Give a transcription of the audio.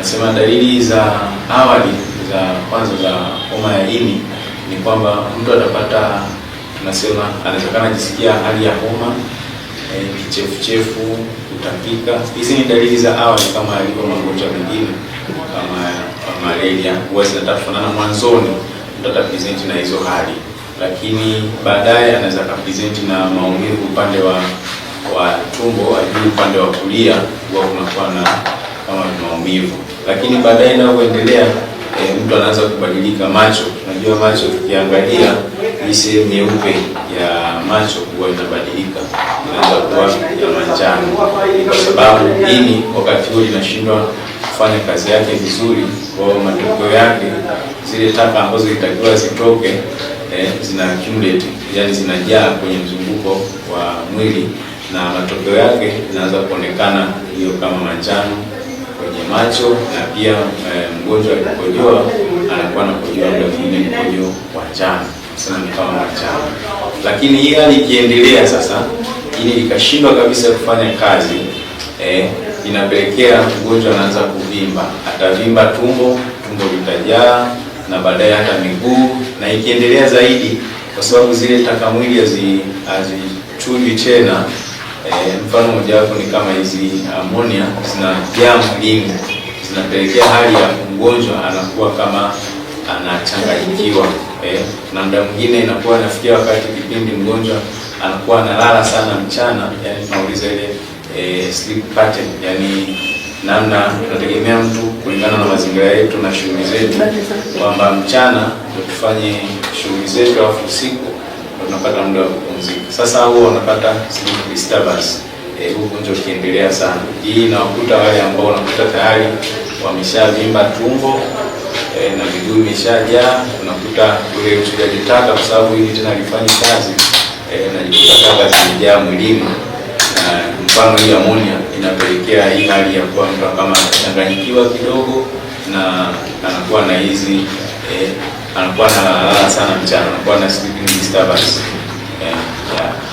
Nasema dalili za awali za kwanza za homa ya ini ni kwamba mtu atapata, nasema anatakana jisikia hali ya homa e, kichefuchefu, kutapika. Hizi ni dalili za awali kama alivyo magonjwa mengine kama malaria, huwa zinatafanana mwanzoni, mtu atapresenti na hizo hali, lakini baadaye anaweza akapresenti na maumivu upande wa wa tumbo ajili upande wa kulia huwa kunakuwa na kama maumivu lakini baadaye inavyoendelea e, eh, mtu anaanza kubadilika macho. Unajua macho tukiangalia hii sehemu nyeupe ya macho huwa inabadilika, inaanza kuwa ya manjano, kwa sababu ini wakati huo inashindwa kufanya kazi yake vizuri. Kwa matokeo yake zile taka ambazo zilitakiwa zitoke eh, zina accumulate, yani zinajaa kwenye mzunguko wa mwili, na matokeo yake inaanza kuonekana hiyo kama manjano kwenye macho na pia eh, mgonjwa alipokojoa anakuwa anakojoa muda mwingine mkojo wa njano sana, ni kama manjano. Lakini hii hali ikiendelea sasa, ili ikashindwa kabisa kufanya kazi eh, inapelekea mgonjwa anaanza kuvimba, atavimba tumbo, tumbo litajaa na baadaye hata miguu, na ikiendelea zaidi, kwa sababu zile takamwili hazichujwi tena E, mfano mojawapo ni kama hizi eh, amonia zinajaa mwilini, zinapelekea hali ya mgonjwa anakuwa kama anachanganyikiwa E, na muda mwingine inakuwa nafikia wakati kipindi mgonjwa anakuwa analala sana mchana, yani tunauliza ile e, sleep pattern, yani namna tunategemea mtu kulingana na mazingira yetu na shughuli zetu, kwamba mchana tufanye shughuli zetu afu usiku unapata muda wa kupumzika. Sasa huwa unapata sleep disturbance eh, ugonjwa ukiendelea sana. Hii inawakuta wale ambao wanakuta tayari wameshavimba tumbo e, na vidui vimeshajaa, unakuta ule uchujaji taka, kwa sababu hili tena lifanye kazi eh, najikuta taka zimejaa mwilini na mfano hii amonia inapelekea hii hali ya kuwa mtu kama anachanganyikiwa kidogo na anakuwa na hizi eh, anakuwa analala sana mchana, anakuwa na sleeping disturbance eh, yeah.